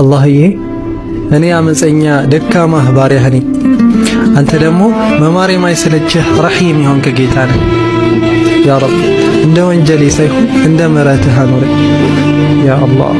አላህዬ እኔ አመፀኛ ደካማህ ባሪያህ ነኝ። አንተ ደግሞ መማር የማይሰለችህ ረሒም የሆንክ ጌታ ነህ። ያ ረብ እንደ ወንጀሌ ሳይሆን እንደ ምሕረትህ አኑረኝ ያ አላህ።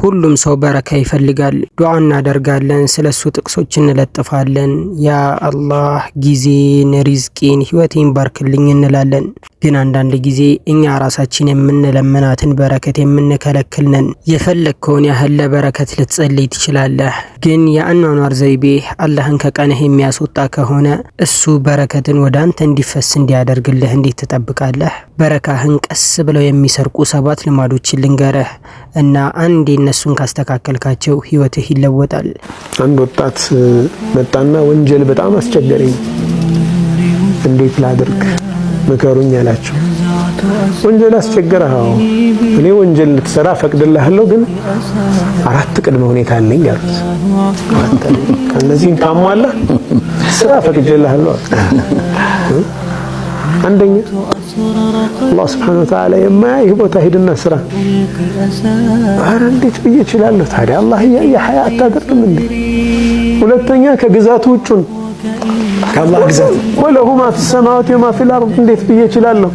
ሁሉም ሰው በረካ ይፈልጋል። ዱዓ እናደርጋለን፣ ስለ እሱ ጥቅሶች እንለጥፋለን። ያ አላህ ጊዜን፣ ሪዝቄን፣ ህይወቴን ባርክልኝ እንላለን። ግን አንዳንድ ጊዜ እኛ ራሳችን የምንለምናትን በረከት የምንከለክል ነን። የፈለግከውን ያህል ለበረከት ልትጸልይ ትችላለህ። ግን የአኗኗር ዘይቤ አላህን ከቀንህ የሚያስወጣ ከሆነ እሱ በረከትን ወደ አንተ እንዲፈስ እንዲያደርግልህ እንዴት ትጠብቃለህ? በረካህን ቀስ ብለው የሚሰርቁ ሰባት ልማዶችን ልንገረህ እና አንዴ እነሱን ካስተካከልካቸው ህይወትህ ይለወጣል። አንድ ወጣት መጣና ወንጀል በጣም አስቸገረኝ፣ እንዴት ላድርግ ምከሩኝ አላቸው። ወንጀል አስቸገረኸው፣ እኔ ወንጀል ልትሰራ ፈቅድልሃለሁ፣ ግን አራት ቅድመ ሁኔታ አለኝ አሉት። ከእነዚህም ታሟላ ስራ ፈቅድልሃለሁ። አንደኛ አላህ ስብሐነሁ ወተዓላ የማያይህ ቦታ ሂድና ስራ። ኧረ እንዴት ብዬ እችላለሁ ታዲያ አላህ እያየህ ሀያ አታደርግም እንዴ? ሁለተኛ ከግዛቱ ውጭ ነው ከአላህ ግዛት ወለሁ ማ ፊ ሰማዋት ወማ ፊል አርድ እንዴት ብዬ እችላለሁ?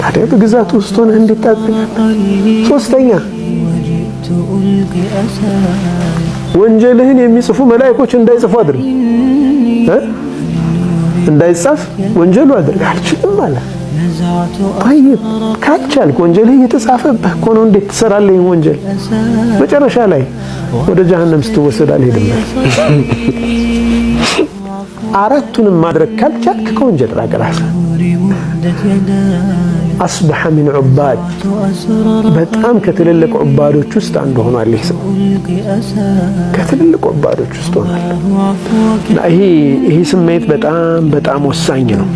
ታዲያ በግዛት ውስጥ ሆነህ እንዴት ታጠቃለህ? ሶስተኛ ወንጀልህን የሚጽፉ መላእክቶች እንዳይጽፉ አድርግ እ እንዳይጻፍ ወንጀሉ አድርግ። አልችልም አለ። ጠይብ ካልቻልክ ወንጀልህ እየተጻፈብህ እኮ ነው። እንዴት ትሰራለህ ወንጀል? መጨረሻ ላይ ወደ ጀሀነም ስትወሰድ አልሄድም አራቱንም ማድረግ ካልቻልክ ከወንጀል ራቅ። ራስህ አስበሐ ሚን ዑባድ በጣም ከትልልቅ ዑባዶች ውስጥ አንዱ ሆኗል። ይህ ሰው ከትልልቅ ዑባዶች ውስጥ ሆኗል። ይሄ ስሜት በጣም በጣም ወሳኝ ነው።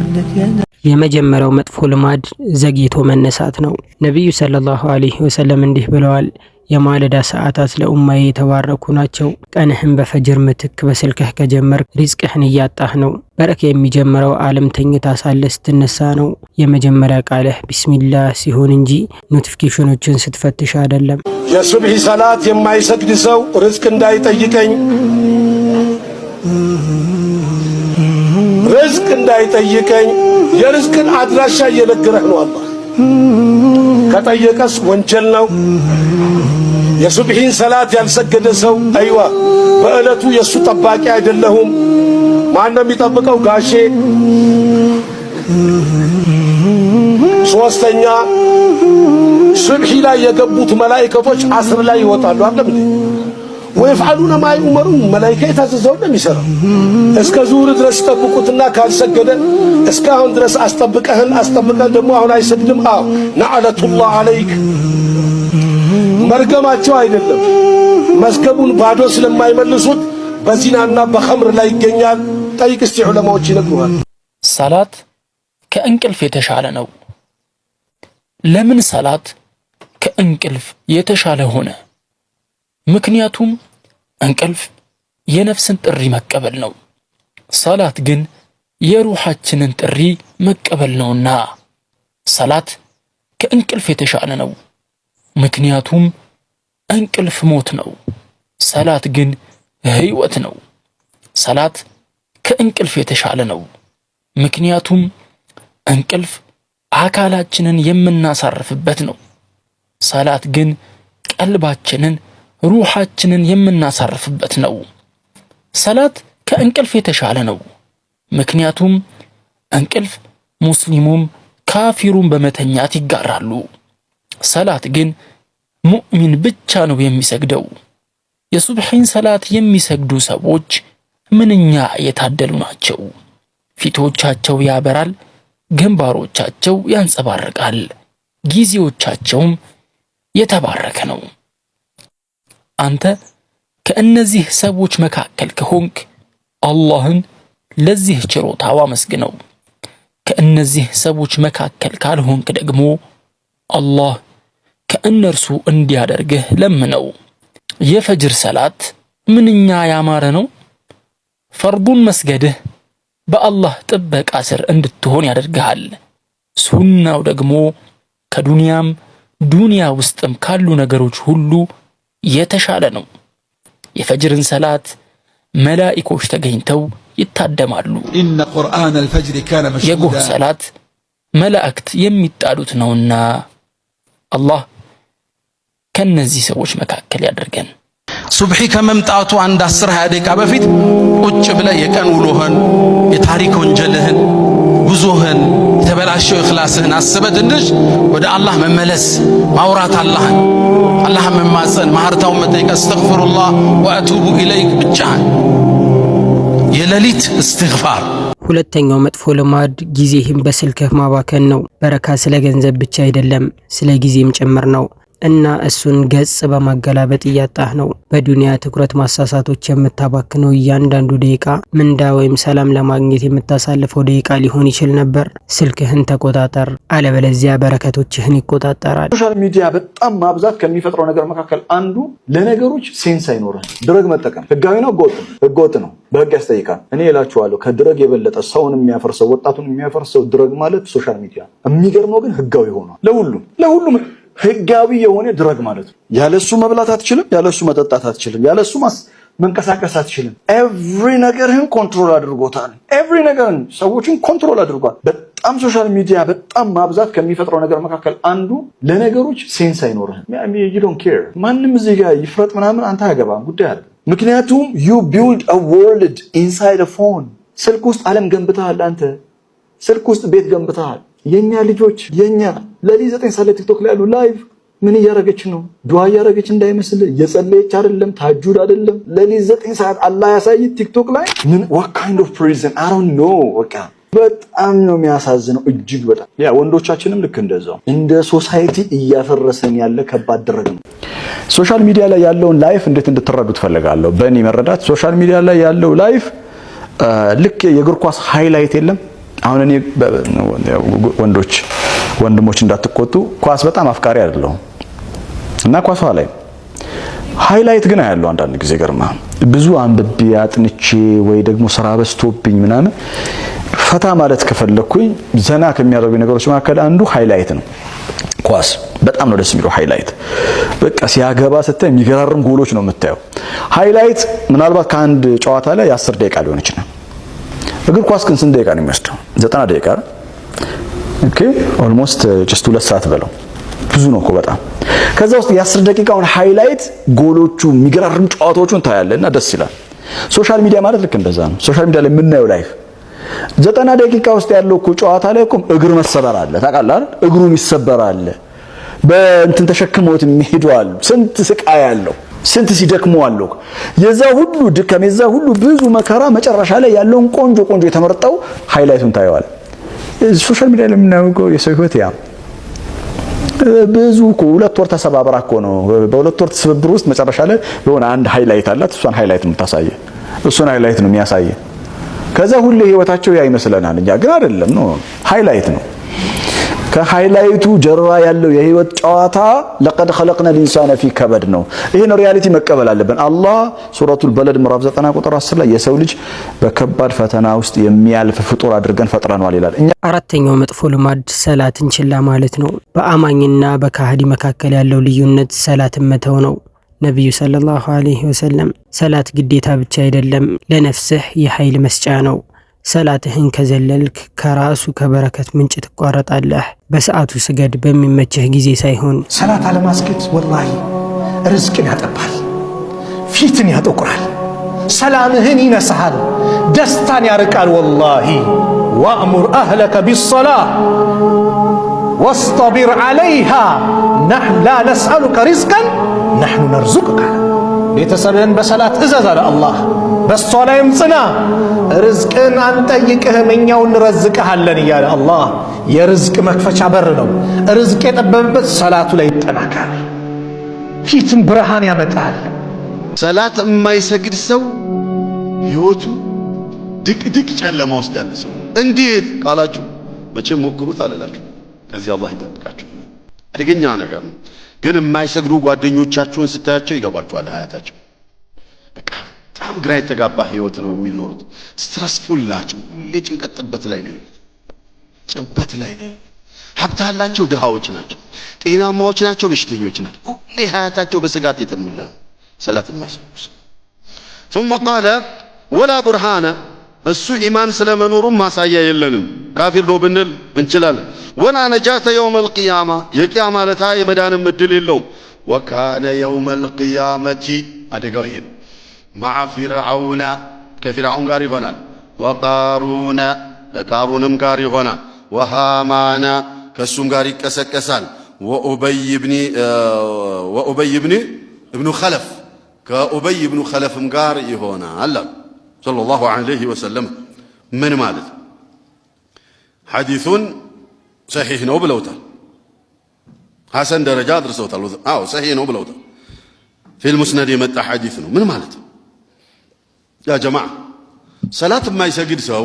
የመጀመሪያው መጥፎ ልማድ ዘግይቶ መነሳት ነው። ነቢዩ ሰለላሁ ዐለይሂ ወሰለም እንዲህ ብለዋል የማለዳ ሰዓታት ለኡማዬ የተባረኩ ናቸው። ቀንህን በፈጅር ምትክ በስልክህ ከጀመር ሪዝቅህን እያጣህ ነው። በረክ የሚጀምረው ዓለም ተኝታ ሳለ ስትነሳ ነው። የመጀመሪያ ቃልህ ቢስሚላ ሲሆን እንጂ ኖቲፊኬሽኖችን ስትፈትሽ አይደለም። የሱብሒ ሰላት የማይሰግድ ሰው ርዝቅ እንዳይጠይቀኝ ርዝቅ እንዳይጠይቀኝ የርዝቅን አድራሻ እየነገረህ ነው አላህ ከጠየቀስ ወንጀል ነው። የሱብሂን ሰላት ያልሰገደ ሰው አይዋ በዕለቱ የእሱ ጠባቂ አይደለሁም። ማን ነው የሚጠብቀው? ጋሼ። ሶስተኛ ሱብሂ ላይ የገቡት መላእክቶች አስር ላይ ይወጣሉ። አለም ወይፍዓሉነ ማ ይኡመሩን መላኢካ የታዘዘው ነው የሚሰራው። እስከ ዙሁር ድረስ ጠብቁትና ካልሰገደ እስካሁን ድረስ አስጠብቀህን አስጠብቀን ደግሞ አሁን አይሰግድም። አዎ ነዓለቱላህ አለይክ መርገማቸው አይደለም። መዝገቡን ባዶ ስለማይመልሱት በዚናና በኸምር ላይ ይገኛል። ጠይቅ እስቲ ዑለማዎች ይነግሩሃል። ሰላት ከእንቅልፍ የተሻለ ነው። ለምን ሰላት ከእንቅልፍ የተሻለ ሆነ? ምክንያቱም እንቅልፍ የነፍስን ጥሪ መቀበል ነው። ሰላት ግን የሩሃችንን ጥሪ መቀበል ነውና ሰላት ከእንቅልፍ የተሻለ ነው። ምክንያቱም እንቅልፍ ሞት ነው፣ ሰላት ግን ህይወት ነው። ሰላት ከእንቅልፍ የተሻለ ነው። ምክንያቱም እንቅልፍ አካላችንን የምናሳርፍበት ነው። ሰላት ግን ቀልባችንን ሩሃችንን የምናሳርፍበት ነው። ሰላት ከእንቅልፍ የተሻለ ነው። ምክንያቱም እንቅልፍ ሙስሊሙም ካፊሩም በመተኛት ይጋራሉ። ሰላት ግን ሙእሚን ብቻ ነው የሚሰግደው። የሱብሒን ሰላት የሚሰግዱ ሰዎች ምንኛ የታደሉ ናቸው! ፊቶቻቸው ያበራል፣ ግንባሮቻቸው ያንጸባርቃል፣ ጊዜዎቻቸውም የተባረከ ነው። አንተ ከእነዚህ ሰዎች መካከል ከሆንክ አላህን ለዚህ ችሮታው አመስግነው። ከእነዚህ ሰዎች መካከል ካልሆንክ ደግሞ አላህ ከእነርሱ እንዲያደርግህ ለምነው። የፈጅር ሰላት ምንኛ ያማረ ነው። ፈርዱን መስገድህ በአላህ ጥበቃ ስር እንድትሆን ያደርግሃል። ሱናው ደግሞ ከዱንያም ዱንያ ውስጥም ካሉ ነገሮች ሁሉ የተሻለ ነው። የፈጅርን ሰላት መላኢኮች ተገኝተው ይታደማሉ። የጎህ ሰላት መላእክት የሚጣሉት ነውና አላህ ከነዚህ ሰዎች መካከል ያደርገን። ሱብሒ ከመምጣቱ አንድ 10 20 ደቂቃ በፊት ቁጭ ብለ የቀን ውሎህን፣ የታሪክ ወንጀልህን፣ ጉዞህን ያበላሸው እኽላስህን አስበ ትንሽ ወደ አላህ መመለስ ማውራት አላህን አላህን መማፀን ማህርታውን መጠየቅ አስተግፍሩላህ ወአቱቡ ኢለይክ ብቻህን የሌሊት እስትግፋር። ሁለተኛው መጥፎ ልማድ ጊዜህን በስልክህ ማባከን ነው። በረካ ስለ ገንዘብ ብቻ አይደለም፣ ስለ ጊዜም ጭምር ነው። እና እሱን ገጽ በማገላበጥ እያጣህ ነው። በዱንያ ትኩረት ማሳሳቶች የምታባክነው እያንዳንዱ ደቂቃ ምንዳ ወይም ሰላም ለማግኘት የምታሳልፈው ደቂቃ ሊሆን ይችል ነበር። ስልክህን ተቆጣጠር፣ አለበለዚያ በረከቶችህን ይቆጣጠራል። ሶሻል ሚዲያ በጣም ማብዛት ከሚፈጥረው ነገር መካከል አንዱ ለነገሮች ሴንስ አይኖረ ድረግ መጠቀም ህጋዊ ነው ህገወጥ ነው፣ በህግ ያስጠይቃል። እኔ እላችኋለሁ ከድረግ የበለጠ ሰውን የሚያፈርሰው ወጣቱን የሚያፈርሰው ድረግ ማለት ሶሻል ሚዲያ። የሚገርመው ግን ህጋዊ ሆኗል ለሁሉም ለሁሉም ህጋዊ የሆነ ድረግ ማለት ነው። ያለሱ መብላት አትችልም፣ ያለሱ መጠጣት አትችልም፣ ያለሱ መንቀሳቀስ አትችልም። ኤቭሪ ነገርህን ኮንትሮል አድርጎታል። ኤቭሪ ነገርን ሰዎችን ኮንትሮል አድርጓል። በጣም ሶሻል ሚዲያ በጣም ማብዛት ከሚፈጥረው ነገር መካከል አንዱ ለነገሮች ሴንስ አይኖርህም። ዶን ኬር ማንም እዚህ ጋ ይፍረጥ ምናምን አንተ አያገባም ጉዳይ አለ። ምክንያቱም ዩ ቢልድ አ ወርልድ ኢንሳይድ ፎን ስልክ ውስጥ አለም ገንብተሃል። አንተ ስልክ ውስጥ ቤት ገንብተሃል። የኛ ልጆች የኛ ለሊት ዘጠኝ ሰዓት ላይ ቲክቶክ ላይ ያሉ ላይቭ ምን እያደረገች ነው? ዱዓ እያደረገች እንዳይመስል የጸለየች አይደለም፣ ታጁድ አይደለም። ለሊት ዘጠኝ ሰዓት አላህ ያሳይ ቲክቶክ ላይ ምን ዋት ካይንድ ኦፍ ፕሪዝን አይ ዶንት ኖ በቃ በጣም ነው የሚያሳዝነው፣ እጅግ በጣም ያ ወንዶቻችንም ልክ እንደዛው እንደ ሶሳይቲ እያፈረሰን ያለ ከባድ ድረግ ነው። ሶሻል ሚዲያ ላይ ያለውን ላይፍ እንዴት እንድትረዱ ትፈልጋለሁ። በእኔ መረዳት ሶሻል ሚዲያ ላይ ያለው ላይፍ ልክ የእግር ኳስ ሃይላይት የለም አሁን እኔ ወንዶች ወንድሞች እንዳትቆጡ ኳስ በጣም አፍቃሪ አይደለሁም እና ኳሷ ላይ ሃይላይት ግን አያለሁ አንዳንድ ጊዜ ገርማ ብዙ አንብቤ አጥንቼ ወይ ደግሞ ስራ በዝቶብኝ ምናምን ፈታ ማለት ከፈለኩኝ ዘና ከሚያደርጉኝ ነገሮች መካከል አንዱ ሃይላይት ነው። ኳስ በጣም ነው ደስ የሚለው ሃይላይት። በቃ ሲያገባ ስታይ የሚገራርም ጎሎች ነው የምታየው። ሃይላይት ምናልባት ከአንድ ጨዋታ ላይ የአስር ደቂቃ ሊሆን ይችላል። እግር ኳስ ግን ስንት ደቂቃ ነው የሚወስደው? ዘጠና ደቂቃ ነው። ኦኬ ኦልሞስት ጀስት ሁለት ሰዓት በለው ብዙ ነው እኮ በጣም። ከዛ ውስጥ የአስር ደቂቃውን ሃይላይት ጎሎቹ፣ የሚገራርም ጨዋታዎቹን ታያለና ደስ ይላል። ሶሻል ሚዲያ ማለት ልክ እንደዛ ነው። ሶሻል ሚዲያ ላይ የምናየው ላይፍ ዘጠና ደቂቃ ውስጥ ያለው እኮ ጨዋታ ላይ እኮ እግር መሰበር አለ ታውቃለህ አይደል? እግሩም ይሰበራል። በእንትን ተሸክመውት የሚሄዱ አሉ። ስንት ስቃይ ያለው ስንት ሲደክሙ አለው። የዛ ሁሉ ድካም የዛ ሁሉ ብዙ መከራ መጨረሻ ላይ ያለውን ቆንጆ ቆንጆ የተመረጠው ሃይላይቱን ታየዋል። ሶሻል ሚዲያ ላይ የምናውቀው የሰው ህይወት ያ ብዙ እኮ ሁለት ወር ተሰባብራ እኮ ነው። በሁለት ወር ትስብብር ውስጥ መጨረሻ ላይ የሆነ አንድ ሃይላይት አላት። እሷን ሃይላይት ነው የምታሳየ፣ እሱን ሃይላይት ነው የሚያሳየ። ከዛ ሁሌ ህይወታቸው ያ ይመስለናል። እኛ ግን አይደለም ነው፣ ሃይላይት ነው ከሃይላይቱ ጀርባ ያለው የህይወት ጨዋታ ለቀድ ኸለቅነ ልኢንሳነ ፊ ከበድ ነው። ይህን ሪያሊቲ መቀበል አለብን። አላህ ሱረቱል በለድ ምዕራፍ 90 ቁጥር 10 ላይ የሰው ልጅ በከባድ ፈተና ውስጥ የሚያልፍ ፍጡር አድርገን ፈጥረነዋል ይላል። አራተኛው መጥፎ ልማድ ሰላትን ችላ ማለት ነው። በአማኝና በካህዲ መካከል ያለው ልዩነት ሰላትን መተው ነው። ነቢዩ ሰለላሁ ዐለይሂ ወሰለም ሰላት ግዴታ ብቻ አይደለም፣ ለነፍስህ የኃይል መስጫ ነው ሰላትህን ከዘለልክ ከራሱ ከበረከት ምንጭ ትቋረጣለህ። በሰዓቱ ስገድ፣ በሚመችህ ጊዜ ሳይሆን። ሰላት አለማስገድ ወላሂ ርዝቅን ያጠባል፣ ፊትን ያጠቁራል፣ ሰላምህን ይነሳሃል፣ ደስታን ያርቃል። ወላሂ ወእሙር አህለከ ቢሰላ ወስተቢር ዓለይሃ ናሕኑ ላ ነስአሉከ ሪዝቀን ናሕኑ ነርዙቅካ ቤተሰብህን በሰላት እዘዝ አለ አላህ በእሷ ላይም ጽና። ርዝቅን አንጠይቅህም እኛው እንረዝቅሃለን እያለ አላህ የርዝቅ መክፈቻ በር ነው። ርዝቅ የጠበበበት ሰላቱ ላይ ይጠናካል። ፊትም ብርሃን ያመጣል። ሰላት የማይሰግድ ሰው ህይወቱ ድቅድቅ ጨለማ ውስጥ ያለ ሰው እንዴት ቃላችሁ መቼም ሞክሩት አልላችሁ። ከዚህ አላህ ይጠብቃችሁ። አደገኛ ነገር ግን የማይሰግዱ ጓደኞቻችሁን ስታያቸው ይገባችኋል ሀያታቸው በጣም ግራ የተጋባ ህይወት ነው የሚኖሩት። ስትረስፉል ናቸው። ሁሌ ጭንቀት ጥበት ላይ ነው፣ ጭበት ላይ ነው። ሀብት ያላቸው ድሃዎች ናቸው፣ ጤናማዎች ናቸው፣ በሽተኞች ናቸው። ሁሌ ሀያታቸው በስጋት የተሞላ ነው። ሰላት ማስቁስ ثم قال ولا برهان እሱ ኢማን ስለመኖሩም ማሳያ የለንም። ካፊር ነው ብንል እንችላለን። ወላ ነጃተ የውም አልቅያማ የቅያማ ለታ የመዳንም እድል የለውም። ወካነ የውም አልቅያመቲ አደጋው ይሄ ነው። مع فرعون كفرعون قاري وقارون كارون قاري وهامان كسوم قاري كسكسان وأبي بن آه، وأبي بن ابن خلف كأبي بن خلف قاري هنا هلا صلى الله عليه وسلم من مالت حديث صحيح نو بلوتا حسن درجات رسول الله صحيح نو بلوتا في المسند متى حديث من مالته ያ ጀማዓ ሰላት የማይሰግድ ሰው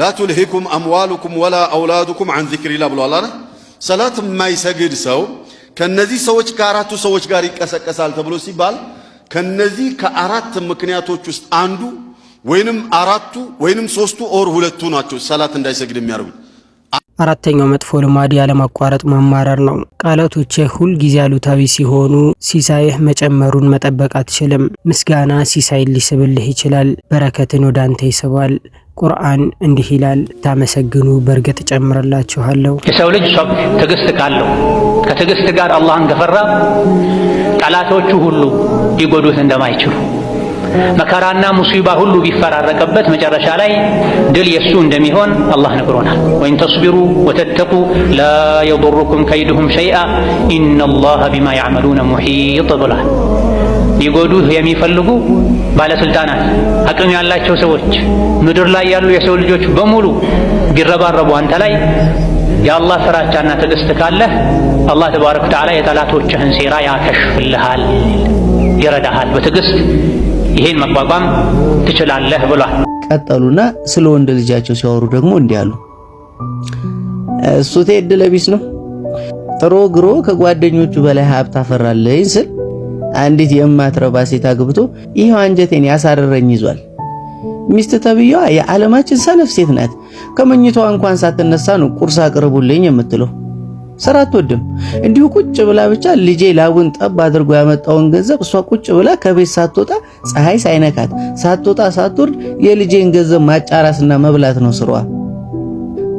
ላቱልሂኩም አምዋሉኩም ወላ አውላዱኩም አን ዚክሪላህ ብሏል አይደል? ሰላት የማይሰግድ ሰው ከነዚህ ሰዎች ከአራቱ ሰዎች ጋር ይቀሰቀሳል ተብሎ ሲባል ከነዚህ ከአራት ምክንያቶች ውስጥ አንዱ ወይንም አራቱ ወይንም ሶስቱ ኦር ሁለቱ ናቸው ሰላት እንዳይሰግድ የሚያደርጉት። አራተኛው መጥፎ ልማድ ያለማቋረጥ ማማረር ነው። ቃላቶችህ ሁልጊዜ አሉታዊ ሲሆኑ ሲሳይህ መጨመሩን መጠበቅ አትችልም። ምስጋና ሲሳይን ሊስብልህ ይችላል፣ በረከትን ወደ አንተ ይስባል። ቁርአን እንዲህ ይላል፣ ታመሰግኑ በእርግጥ እጨምርላችኋለሁ። የሰው ልጅ ትዕግስት ካለው ከትዕግስት ጋር አላህን ከፈራ ጠላቶቹ ሁሉ ሊጎዱት እንደማይችሉ መከራና ሙሲባ ሁሉ ቢፈራረቅበት መጨረሻ ላይ ድል የሱ እንደሚሆን አላህ ነግሮናል። ወይን ተስቢሩ ወተተቁ ላ የዱሩኩም ከይድሁም ሸይአ ኢነላህ ቢማ ያዕመሉነ ሙሒጥ ብሏል። ሊጎዱህ የሚፈልጉ ባለስልጣናት፣ አቅም ያላቸው ሰዎች፣ ምድር ላይ ያሉ የሰው ልጆች በሙሉ ቢረባረቡ አንተ ላይ የአላህ ፍራቻና ትዕግስት ካለህ አላህ ተባረከ ወተዓላ የጠላቶችህን ሴራ ያከሽፍልሃል፣ ይረዳሃል በትዕግስት ይሄን መቋቋም ትችላለህ ብሏል። ቀጠሉና ስለ ወንድ ልጃቸው ሲያወሩ ደግሞ እንዲህ አሉ። እሱ እድለ ለቢስ ነው ጥሮ ግሮ ከጓደኞቹ በላይ ሀብት አፈራለኝ ስል አንዲት የማትረባ ሴት አግብቶ ይሄው አንጀቴን ያሳረረኝ ይዟል። ሚስት ተብዬዋ የዓለማችን ሰነፍ ሴት ናት። ከመኝቷ እንኳን ሳትነሳ ነው ቁርስ አቅርቡልኝ የምትለው። ስራ አትወድም። እንዲሁ ቁጭ ብላ ብቻ ልጄ ላቡን ጠብ አድርጎ ያመጣውን ገንዘብ እሷ ቁጭ ብላ ከቤት ሳትወጣ ፀሐይ ሳይነካት ሳትወጣ ሳትወርድ የልጄን ገንዘብ ማጫራስና መብላት ነው ስራዋ።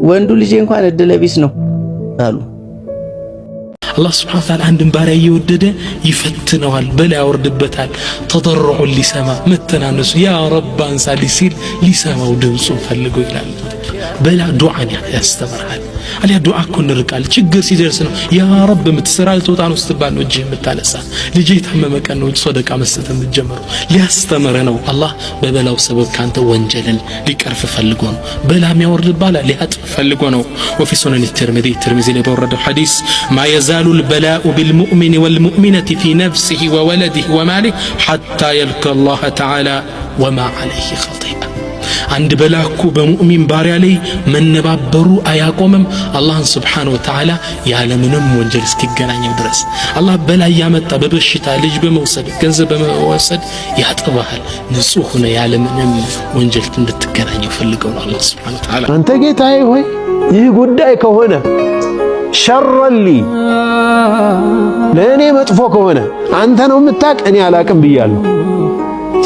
ወንዱ ልጄ እንኳን እድለቢስ ነው አሉ። አላህ ስብሐነሁ ወተዓላ አንድን ባሪያ እየወደደ ይፈትነዋል፣ በላ ያወርድበታል። ተደርዑ ሊሰማ መተናነሱ ያ ረብ አንሳሊ ሲል ሊሰማው ድምፁን ፈልጎ ይላል። በላ ዱዓን ያስተምርሃል አሊያ ዱዓ እኮ እንርቃል። ችግር ሲደርስ ነው ያ ረብ የምትሰራ ልትወጣ ነው ስትባል ነው እጅህ የምታነሳ። ልጅ የታመመ ቀን ነው ሶደቃ መስጠት የምትጀምረው። ሊያስተምር ነው። አላህ በበላው ሰበብ ካንተ ወንጀልን ሊቀርፍ ፈልጎ ነው። በላ የሚያወርድባላ ሊያጥፍ ፈልጎ ነው። ወፊ ሱነን ተርሚዚ ተርሚዚ ላይ በወረደው ሐዲስ ማ የዛሉ ልበላኡ ቢልሙእሚን ወልሙእሚነቲ ፊ ነፍሲህ ወወለዲህ ወማሊህ ሐታ የልከ አላህ ተዓላ ወማ ዓለይህ ኸጢአ አንድ በላኩ በሙእሚን ባሪያ ላይ መነባበሩ አያቆምም። አላህን ስብሓነ ወተዓላ ያለምንም ወንጀል እስኪገናኘው ድረስ አላህ በላይ ያመጣ በበሽታ ልጅ በመውሰድ ገንዘብ በመወሰድ ያጥባሃል። ንጹህ ሆነ ያለምንም ወንጀል እንድትገናኘው ፈልገው ነው አላህ ስብሓነ ወተዓላ። አንተ ጌታዬ ሆይ ይህ ጉዳይ ከሆነ ሸረሊ ለእኔ መጥፎ ከሆነ አንተ ነው የምታቅ እኔ አላቅም ብያለሁ።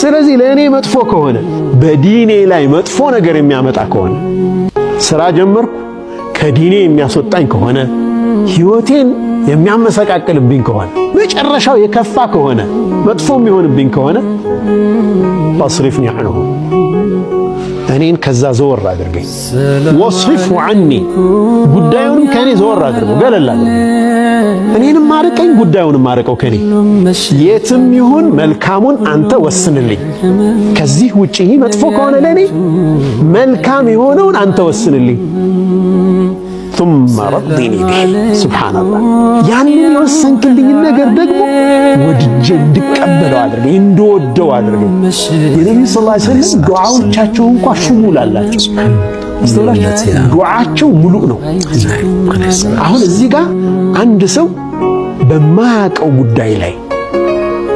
ስለዚህ ለእኔ መጥፎ ከሆነ በዲኔ ላይ መጥፎ ነገር የሚያመጣ ከሆነ ስራ ጀመርኩ ከዲኔ የሚያስወጣኝ ከሆነ ህይወቴን የሚያመሰቃቅልብኝ ከሆነ መጨረሻው የከፋ ከሆነ መጥፎ የሚሆንብኝ ከሆነ ፈስሪፍኒ አንሁ እኔን ከዛ ዘወር አድርገኝ። ወስሪፍ ዐኒ ጉዳዩንም ከእኔ ዘወር አድርገው ገለላለሁ እኔንም አርቀኝ፣ ጉዳዩንም አርቀው ከኔ የትም ይሁን መልካሙን አንተ ወስንልኝ። ከዚህ ውጪ መጥፎ ከሆነ ለኔ መልካም የሆነውን አንተ ወስንልኝ። ثم رضني به سبحان الله ያንን የወሰንክልኝ ነገር ደግሞ ወድጄ እንድቀበለው አድርገ እንደወደው አድርገኝ የነብዩ ሰለላሁ ዐለይሂ ወሰለም ዱዓዎቻቸው እንኳን ሽሙል አስተውላችሁ ዱዓቸው ሙሉእ ነው። አሁን እዚህ ጋር አንድ ሰው በማያውቀው ጉዳይ ላይ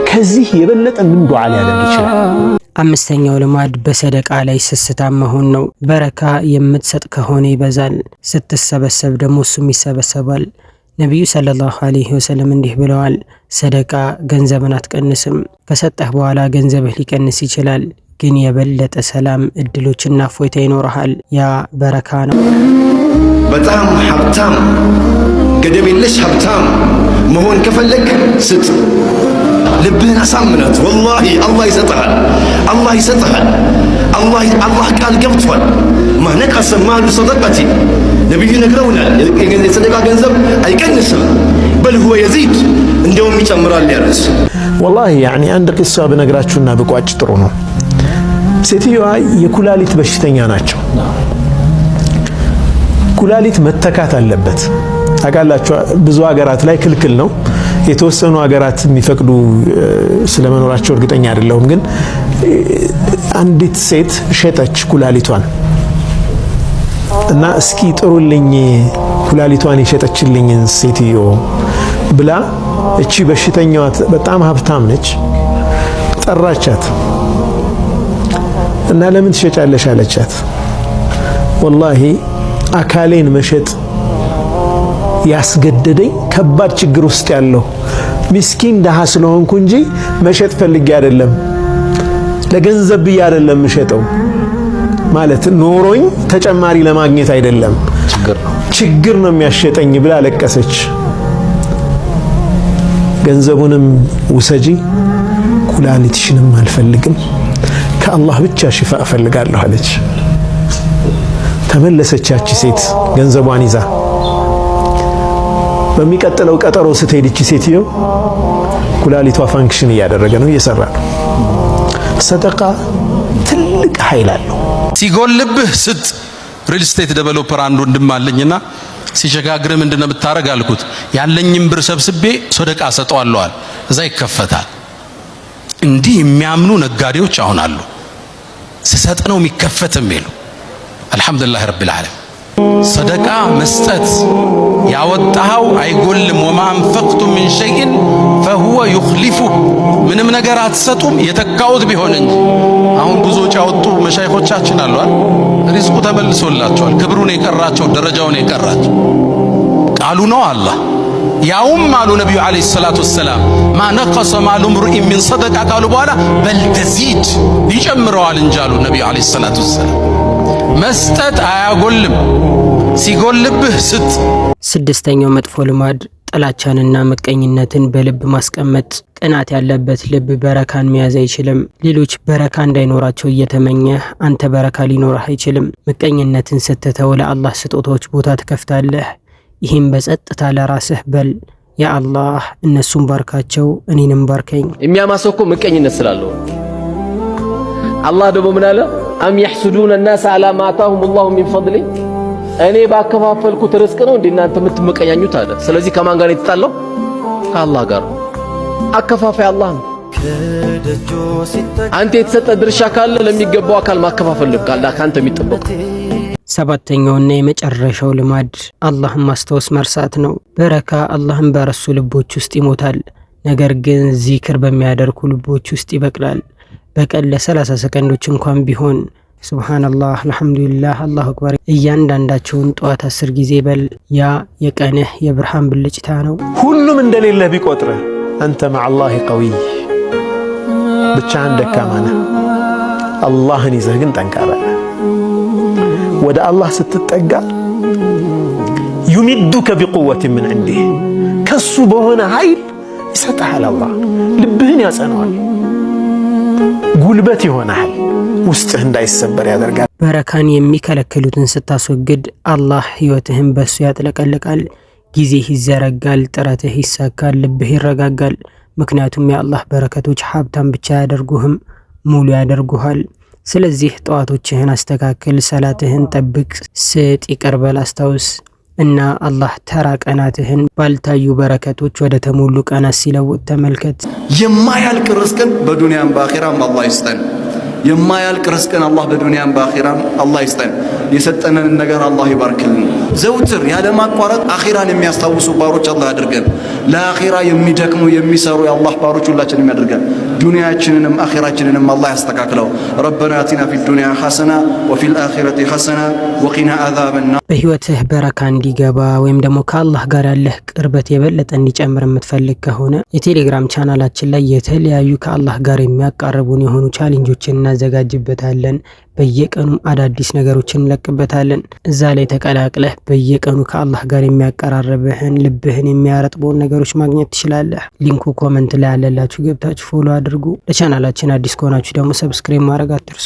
ከዚህ የበለጠ ምን ዱዓ ሊያደርግ ይችላል? አምስተኛው ልማድ በሰደቃ ላይ ስስታ መሆን ነው። በረካ የምትሰጥ ከሆነ ይበዛል፣ ስትሰበሰብ ደግሞ እሱም ይሰበሰባል። ነቢዩ ሰለላሁ አለይህ ወሰለም እንዲህ ብለዋል፣ ሰደቃ ገንዘብን አትቀንስም። ከሰጠህ በኋላ ገንዘብህ ሊቀንስ ይችላል ግን የበለጠ ሰላም፣ እድሎችና እፎይታ ይኖረሃል። ያ በረካ ነው። በጣም ሀብታም ገደብ የለሽ ሀብታም መሆን ከፈለግ ስጥ። ልብህን አሳምናት። ወላሂ አላህ ይሰጥሃል፣ አላህ ይሰጥሃል። አላህ ቃል ገብቷል። ማነቀሰ ማሉ ሰደቀቲ ነቢዩ ነግረውናል። የሰደቃ ገንዘብ አይቀንስም፣ በል ሁወ የዚድ እንደውም ይጨምራል ያሉት። ወላሂ ያኒ አንድ ቂሳ ብነግራችሁና ብቋጭ ጥሩ ነው። ሴትዮዋ የኩላሊት በሽተኛ ናቸው። ኩላሊት መተካት አለበት። ታውቃላችሁ፣ ብዙ ሀገራት ላይ ክልክል ነው። የተወሰኑ ሀገራት የሚፈቅዱ ስለመኖራቸው እርግጠኛ አይደለሁም። ግን አንዲት ሴት ሸጠች ኩላሊቷን እና እስኪ ጥሩልኝ ኩላሊቷን የሸጠችልኝን ሴትዮ ብላ እቺ በሽተኛዋ በጣም ሀብታም ነች፣ ጠራቻት። እና ለምን ትሸጫለሽ አለቻት። ወላሂ አካሌን መሸጥ ያስገደደኝ ከባድ ችግር ውስጥ ያለው ምስኪን ደሃ ስለሆንኩ እንጂ መሸጥ ፈልጌ አይደለም፣ ለገንዘብ ብዬ አይደለም እሸጠው ማለት ኖሮኝ ተጨማሪ ለማግኘት አይደለም፣ ችግር ነው የሚያሸጠኝ ብላ አለቀሰች። ገንዘቡንም ውሰጂ ኩላሊትሽንም አልፈልግም ከአላህ ብቻ ሽፋ እፈልጋለሁ አለች። ተመለሰቻች ሴት ገንዘቧን ይዛ። በሚቀጥለው ቀጠሮ ስትሄድ ይቺ ሴትዮ ኩላሊቷ ፋንክሽን እያደረገ ነው፣ እየሰራ ነው። ሰደቃ ትልቅ ኃይል አለው። ሲጎልብህ ስጥ። ሪል ስቴት ዴቨሎፐር አንድ ወንድም አለኝና ሲሸጋግር ምንድነው የምታረግ አልኩት። ያለኝም ብር ሰብስቤ ሶደቃ ሰጠዋለዋል። እዛ ይከፈታል። እንዲህ የሚያምኑ ነጋዴዎች አሁን አሉ። ስሰጥ ነው የሚከፈት የሚሉ አልሐምዱሊላህ ረብል ዓለም ሰደቃ መስጠት ያወጣኸው አይጎልም። ወማ አንፈቅቱም ምን ሸይን ፈሁወ ዩኽሊፉ ምንም ነገር አትሰጡም የተካውት ቢሆን እንጂ። አሁን ብዙ ያወጡ መሻይኾቻችን አሏል። ሪዝቁ ተመልሶላቸዋል። ክብሩን የቀራቸው ደረጃውን የቀራቸው ቃሉ ነው አላህ ያውም አሉ ነቢዩ ዓለይሂ ሰላቱ ወሰላም ማነቀሰ ማሉ ምሩኢን ሚን ሰደቃ ካሉ በኋላ በልተዚድ ይጨምረዋል እንጂ አሉ ነቢዩ ዓለይሂ ሰላቱ ወሰላም መስጠት አያጎልም፣ ሲጎልብህ ስጥ። ስድስተኛው መጥፎ ልማድ ጥላቻንና ምቀኝነትን በልብ ማስቀመጥ። ቅናት ያለበት ልብ በረካን መያዝ አይችልም። ሌሎች በረካ እንዳይኖራቸው እየተመኘ አንተ በረካ ሊኖርህ አይችልም። ምቀኝነትን ስትተው ለአላህ ስጦታዎች ቦታ ትከፍታለህ። ይህም በጸጥታ ለራስህ በል። ያ አላህ እነሱን ባርካቸው እኔንም ባርከኝ። የሚያማሰው እኮ ምቀኝነት ስላለው አላህ ደግሞ ምን አለ? አም የሕሱዱነ ናስ አላ ማ ላሁ ሚን ፈድሊ እኔ ባከፋፈልኩት ርዝቅ ነው እንዲ እናንተ የምትመቀኛኙት አለ። ስለዚህ ከማን ጋር የተጣለው? ከአላህ ጋር ነው። አከፋፋይ አላህ ነው። አንተ የተሰጠ ድርሻ ካለ ለሚገባው አካል ማከፋፈል ከአንተ የሚጠበቅ ሰባተኛውና የመጨረሻው ልማድ አላህን ማስታወስ መርሳት ነው። በረካ አላህን በረሱ ልቦች ውስጥ ይሞታል፣ ነገር ግን ዚክር በሚያደርጉ ልቦች ውስጥ ይበቅላል። በቀን ለሰላሳ ሰከንዶች እንኳን ቢሆን ሱብሃነላህ፣ አልሐምዱሊላህ፣ አላሁ አክበር እያንዳንዳቸውን ጠዋት አስር ጊዜ በል። ያ የቀንህ የብርሃን ብልጭታ ነው። ሁሉም እንደሌለ ቢቆጥርህ አንተ መዐላሂ ቀዊይ፣ ብቻህን ደካማ ነህ። አላህን ይዘህ ግን ጠንካራ ወደ አላህ ስትጠጋ ዩሚዱከ ቢቁወት ምን ዐንዲህ ከሱ በሆነ ኃይል ይሰጥሃል። አላህ ልብህን ያጸነዋል፣ ጉልበት ይሆናል፣ ውስጥህ እንዳይሰበር ያደርጋል። በረካን የሚከለክሉትን ስታስወግድ አላህ ህይወትህን በእሱ ያጥለቀልቃል። ጊዜህ ይዘረጋል፣ ጥረትህ ይሳካል፣ ልብህ ይረጋጋል። ምክንያቱም የአላህ በረከቶች ሀብታም ብቻ አያደርጉህም፣ ሙሉ ያደርጉሃል። ስለዚህ ጠዋቶችህን አስተካክል፣ ሰላትህን ጠብቅ፣ ስጥ፣ ይቅር አስታውስ እና አላህ ተራ ቀናትህን ባልታዩ በረከቶች ወደ ተሞሉ ቀናት ሲለውጥ ተመልከት። የማያልቅ ርስቅን በዱንያም በአኺራም አላህ ይስጠን። የማያልቅ ርስቅን አላህ በዱንያም በአኺራም አላህ ይስጠን። የሰጠንን ነገር አላህ ይባርክልን። ዘውትር ያለማቋረጥ አኺራን የሚያስታውሱ ባሮች አላህ ያድርገን። ለአኺራ የሚደክሙ የሚሰሩ የአላህ ባሮች ሁላችን ያድርገን። ዱንያችንንም አኺራችንንም አላህ ያስተካክለው። ረበና አቲና ፊ ዱንያ ሐሰና ወፊ ልአኺረቲ ሐሰና ወቂና አዛብና። በህይወትህ በረካ እንዲገባ ወይም ደግሞ ከአላህ ጋር ያለህ ቅርበት የበለጠ እንዲጨምር የምትፈልግ ከሆነ የቴሌግራም ቻናላችን ላይ የተለያዩ ከአላህ ጋር የሚያቃርቡን የሆኑ ቻሌንጆችን እናዘጋጅበታለን። በየቀኑም አዳዲስ ነገሮችን እንለቅበታለን። እዛ ላይ ተቀላቅለህ በየቀኑ ከአላህ ጋር የሚያቀራረብህን ልብህን የሚያረጥበውን ነገሮች ማግኘት ትችላለህ። ሊንኩ ኮመንት ላይ ያለላችሁ ገብታችሁ ፎሎ አድርጉ። ለቻናላችን አዲስ ከሆናችሁ ደግሞ ሰብስክራይብ ማድረግ አትርሱ።